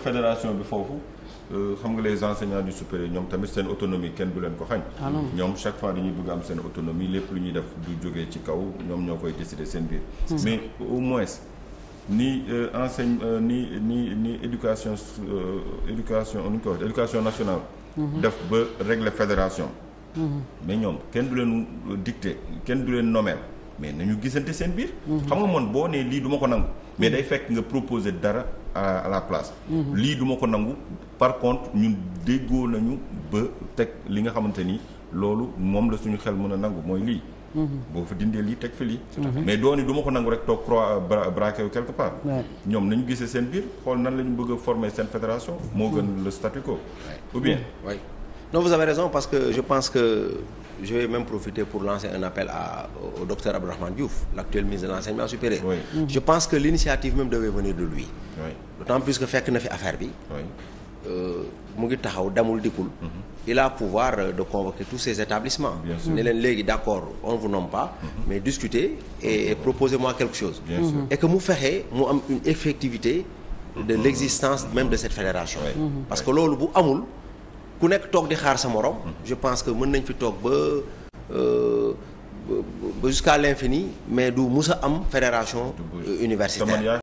fédération bi foofu euh, xam nga les enseignants du supérieur ñoom tamit seen autonomie kenn du leen ko xañ ah ñoom chaque fois dañuy bëgg am seen autonomie lépp lu ñuy def du jógee ci kaw ñoom ñoo koy décider seen biir mais au moins ni euh, enseigne euh, ni ni ni éducation éducation nu ñu ko wax éducation nationale mm-hmm. def ba régler fédération mm-hmm. mais ñoom kenn du leen dicter kenn du leen nommer mais nañu gisante seen biir mm-hmm. xam nga moon boo nee lii duma ko nangu mais day fekk nga proposer dara à la place. Mhm. lii duma ko nangu par contre ñun déggoo nañu ba teg li nga xamante ni loolu moom la suñu xel mën a nangu mooy lii. Mhm. boo fa dindee lii teg fi lii. mais dooni du ma ko nangu rek toog croix euh, braqué quelque part. ñoom nañu gisee seen biir xool nan la ñu bëgg a former seen fédération. moo mhm. gën le statu quo ou bien. non vous avez raison parce que je pense que je vais même profiter pour lancer un appel à, au docteur Abdourahmane Diouf l'actuel ministre de l'enseignement supérieur je pense que l'initiative même devait venir de lui oui. plus que fekk na fi affaire bi euh, mu ngi taxaw damul dikkul mhm. il a pouvoir euh, de convoquer tous ces établissements mmh. ne leen léegi d'accord on vous nomme pas mmh. mais discutez et, et moi quelque chose et que mu fexe mu am une effectivité de mhm. l'existence même de cette fédération parce que loolu bu amul ku nekk toog di xaar sa morom. je pense que mën nañ fi toog ba euh, ba jusqu'à l'infini mais du mus a am fédération universitaire